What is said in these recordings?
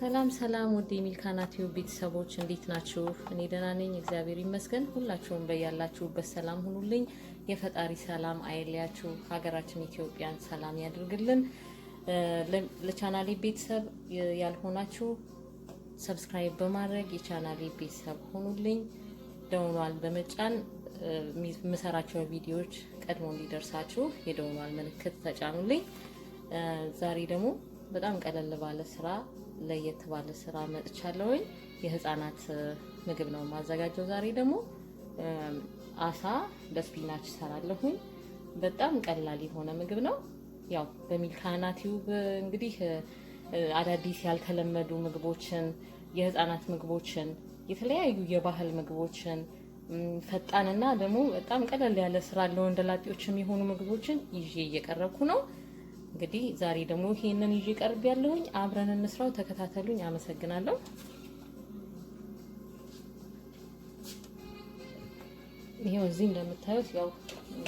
ሰላም ሰላም ውድ የሚልካናቲው ቤተሰቦች እንዴት ናችሁ? እኔ ደህና ነኝ፣ እግዚአብሔር ይመስገን። ሁላችሁም በያላችሁበት ሰላም ሁኑልኝ። የፈጣሪ ሰላም አይለያችሁ። ሀገራችን ኢትዮጵያን ሰላም ያድርግልን። ለቻናሌ ቤተሰብ ያልሆናችሁ ሰብስክራይብ በማድረግ የቻናሌ ቤተሰብ ሆኑልኝ። ደውሏል በመጫን የምሰራቸው ቪዲዮዎች ቀድሞ እንዲደርሳችሁ የደውሏል ምልክት ተጫኑልኝ። ዛሬ ደግሞ በጣም ቀለል ባለ ስራ ለየት ባለ ስራ መጥቻለሁኝ። የህፃናት ምግብ ነው ማዘጋጀው። ዛሬ ደግሞ አሳ በስፒናች እሰራለሁኝ። በጣም ቀላል የሆነ ምግብ ነው። ያው በሚልካና ቲዩብ እንግዲህ አዳዲስ ያልተለመዱ ምግቦችን፣ የህፃናት ምግቦችን፣ የተለያዩ የባህል ምግቦችን ፈጣንና ደግሞ በጣም ቀለል ያለ ስራ ለወንደላጤዎች የሚሆኑ ምግቦችን ይዤ እየቀረብኩ ነው። እንግዲህ ዛሬ ደግሞ ይሄንን ይዤ ቀርብ ያለሁኝ አብረን እንስራው። ተከታተሉኝ። አመሰግናለሁ። ይሄው እዚህ እንደምታዩት ያው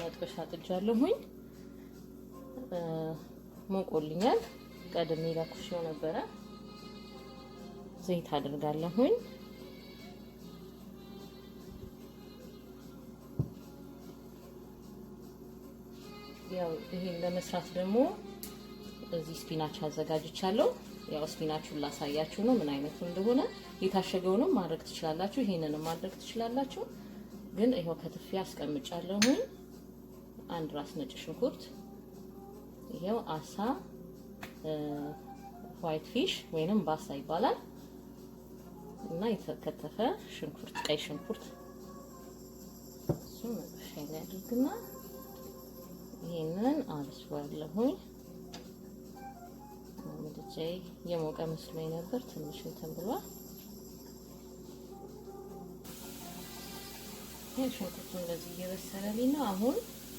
መጥበሻ ጥጃለሁኝ፣ ሞቆልኛል። ቀድሜ ለኩሽ ነበረ። ዘይት አድርጋለሁኝ። ያው ይሄን ለመስራት ደግሞ እዚህ ስፒናች አዘጋጅቻለሁ። ያው ስፒናቹን ላሳያችሁ ነው ምን አይነቱ እንደሆነ። የታሸገውንም ማድረግ ትችላላችሁ፣ ይሄንንም ማድረግ ትችላላችሁ። ግን ይሄው ከትፌ አስቀምጫለሁ። አንድ ራስ ነጭ ሽንኩርት፣ ይሄው አሳ ዋይት ፊሽ ወይንም ባሳ ይባላል እና የተከተፈ ሽንኩርት፣ ቀይ ሽንኩርት እሱ ነው ያድርግና ይሄንን አብስዋለሁኝ። ምድጃ የሞቀ መስሎኝ ነበር፣ ትንሽ እንትን ብሏል። ይህ ሽንኩርቱ እንደዚህ እየበሰለልኝ ነው። አሁን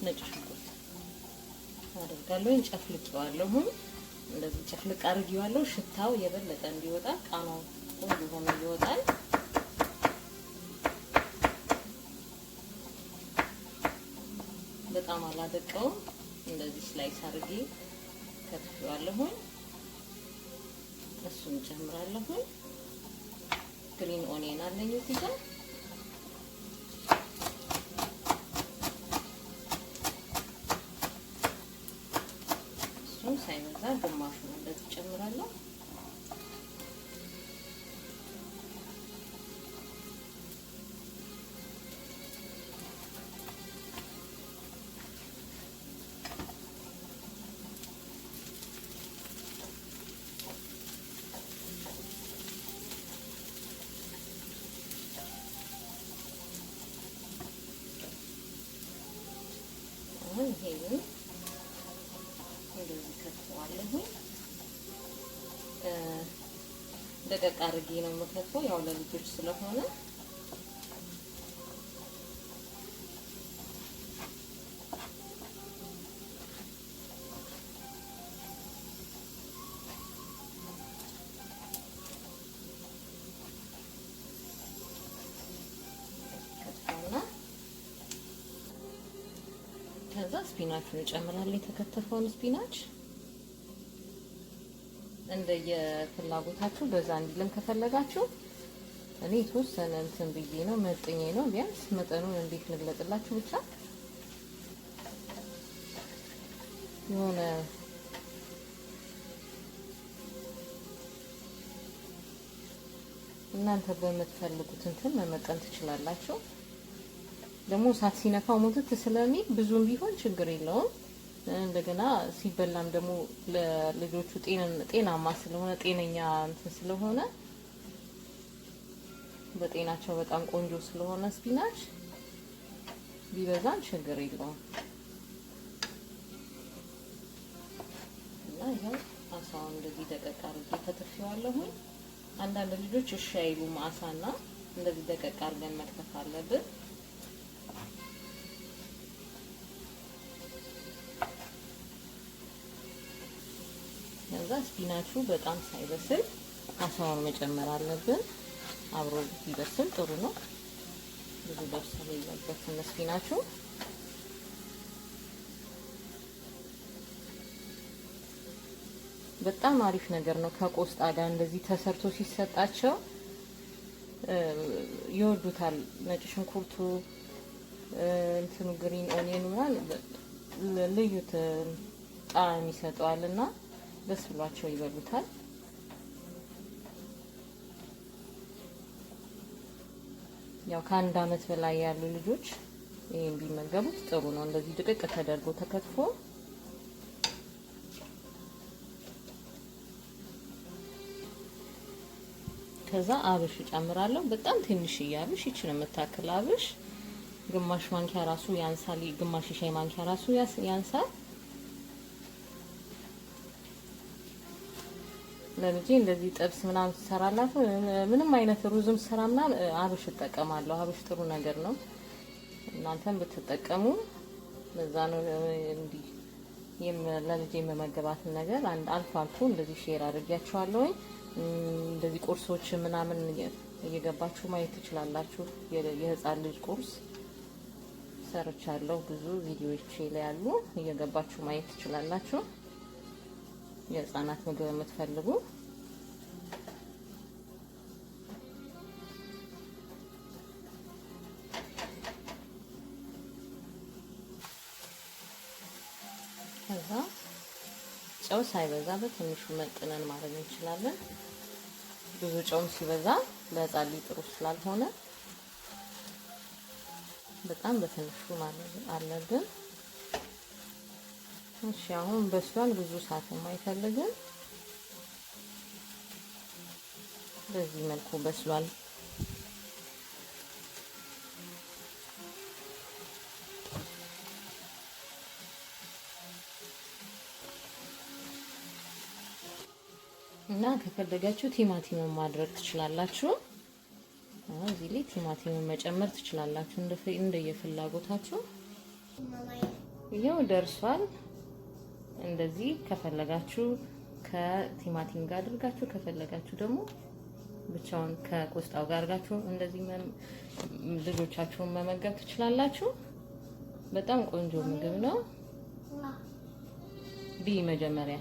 ነጭ ሽንኩርት አደርጋለሁ። ጨፍልቄዋለሁኝ፣ እንደዚህ ጨፍልቅ አድርጌዋለሁ። ሽታው የበለጠ እንዲወጣ ቃናው ቆንጆ ሆኖ ይወጣል። በጣም አላደቀውም። እንደዚህ ስላይስ አድርጌ ከትፌዋለሁኝ። እሱን ጨምራለሁኝ። ግሪን ኦኒየን አለኝ እዚህ ጋር እሱን ሳይበዛ ግማሹ አሁን ይሄንን እንደዚህ ደቀቅ አድርጌ ነው የምከትፈው ያው ለልጆች ስለሆነ ስፒናቹን እጨምራለሁ። የተከተፈውን ስፒናች እንደየፍላጎታችሁ በዛ እንዲለን ከፈለጋችሁ እኔ የተወሰነ እንትን ብዬ ነው መጥኜ ነው። ቢያንስ መጠኑን እንዴት ልግለጥላችሁ ብቻ የሆነ እናንተ በምትፈልጉት እንትን መመጠን ትችላላችሁ። ደግሞ እሳት ሲነካው ሞተት ስለሚል ብዙም ቢሆን ችግር የለውም። እንደገና ሲበላም ደግሞ ለልጆቹ ጤናማ ስለሆነ ጤነኛ እንትን ስለሆነ በጤናቸው በጣም ቆንጆ ስለሆነ ስፒናች ቢበዛም ችግር የለውም እና ይኸው አሳውን እንደዚህ ደቀቅ አድርጌ ከትፌዋለሁኝ። አንዳንድ ልጆች እሺ አይሉም አሳና እንደዚህ ደቀቅ አድርገን መክተፍ አለብን። ከዛ ስፒናቹ በጣም ሳይበስል አሳውን መጨመር አለብን። አብሮ ቢበስል ጥሩ ነው። ብዙ በርሰል የለበትም ስፒናቹ። በጣም አሪፍ ነገር ነው። ከቆስጣ ጋር እንደዚህ ተሰርቶ ሲሰጣቸው ይወዱታል። ነጭ ሽንኩርቱ እንትኑ ግሪን ኦኒየን ምናምን ልዩ ጣዕም ይሰጠዋልና ደስ ብሏቸው ይበሉታል። ያው ከአንድ አመት በላይ ያሉ ልጆች ይሄን ቢመገቡት ጥሩ ነው። እንደዚህ ድቅቅ ተደርጎ ተከትፎ ከዛ አብሽ እጨምራለሁ። በጣም ትንሽዬ አብሽ ይችን የምታክል አብሽ ግማሽ ማንኪያ ራሱ ያንሳል። ግማሽ ሻይ ማንኪያ ራሱ ያንሳል። ለልጄ እንደዚህ ጥብስ ምናምን ሲሰራላት ምንም አይነት ሩዝም ስራ ምናምን አብሽ እጠቀማለሁ። አብሽ ጥሩ ነገር ነው። እናንተም ብትጠቀሙ በዛ ነው እንዲህ ለልጄ የመመገባትን ነገር አንድ አልፎ አልፎ እንደዚህ ሼር አድርጊያችኋለሁ። እንደዚህ ቁርሶች ምናምን እየገባችሁ ማየት ትችላላችሁ። የህፃን ልጅ ቁርስ ሰርቻለሁ። ብዙ ቪዲዮዎች ላይ ያሉ እየገባችሁ ማየት ትችላላችሁ። የህፃናት ምግብ የምትፈልጉ ከዛ ጨው ሳይበዛ በትንሹ መጥነን ማድረግ እንችላለን። ብዙ ጨውም ሲበዛ ለህፃን ጥሩ ስላልሆነ በጣም በትንሹ ማድረግ አለብን። እሺ አሁን በስሏል። ብዙ እሳትም አይፈልግም። በዚህ መልኩ በስሏል። እና ከፈለጋችሁ ቲማቲምን ማድረግ ትችላላችሁ። እዚህ ላይ ቲማቲምን መጨመር ትችላላችሁ እንደየፍላጎታችሁ። ይኸው ደርሷል። እንደዚህ ከፈለጋችሁ ከቲማቲም ጋር አድርጋችሁ ከፈለጋችሁ ደግሞ ብቻውን ከቆስጣው ጋር አድርጋችሁ እንደዚህ ልጆቻችሁን መመገብ ትችላላችሁ። በጣም ቆንጆ ምግብ ነው። ቢ መጀመሪያ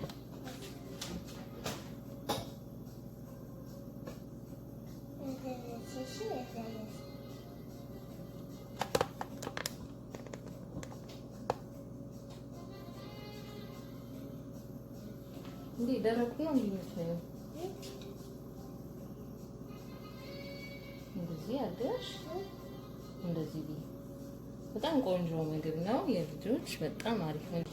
እንዴ ደረቅ ነው የሚመስለው። እንደዚህ አድርገሽ እንደዚህ ቢ በጣም ቆንጆ ምግብ ነው። የልጆች በጣም አሪፍ ነው።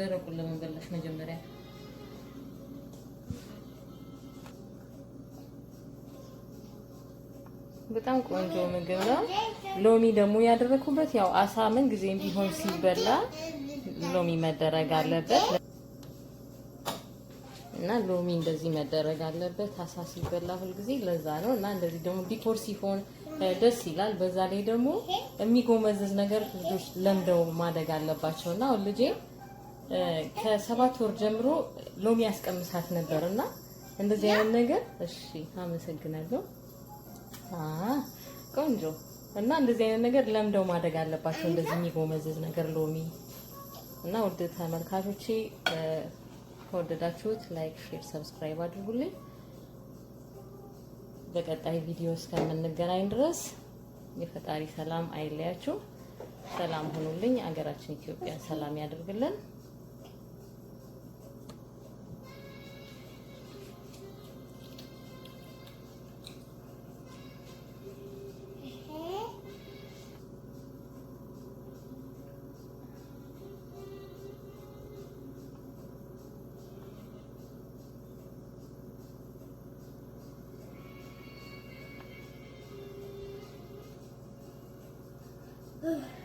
ደረቁን ለመበላሽ መጀመሪያ በጣም ቆንጆ ምግብ ነው። ሎሚ ደግሞ ያደረኩበት ያው አሳ ምን ጊዜም ቢሆን ሲበላ ሎሚ መደረግ አለበት እና ሎሚ እንደዚህ መደረግ አለበት አሳ ሲበላ ሁልጊዜ ለዛ ነው። እና እንደዚህ ደግሞ ዲኮር ሲሆን ደስ ይላል። በዛ ላይ ደግሞ የሚጎመዘዝ ነገር ልጆች ለምደው ማደግ አለባቸው እና አሁን ልጄ ከሰባት ወር ጀምሮ ሎሚ ያስቀምሳት ነበር እና እንደዚህ አይነት ነገር እሺ፣ አመሰግናለሁ። ቆንጆ እና እንደዚህ አይነት ነገር ለምደው ማደግ አለባቸው። እንደዚህ የሚጎመዝዝ ነገር ሎሚ እና ውድ ተመልካቾቼ ከወደዳችሁት ላይክ፣ ሼር፣ ሰብስክራይብ አድርጉልኝ። በቀጣይ ቪዲዮ እስከምንገናኝ ድረስ የፈጣሪ ሰላም አይለያችሁ። ሰላም ሁኑልኝ። አገራችን ኢትዮጵያ ሰላም ያደርግልን። Ugh.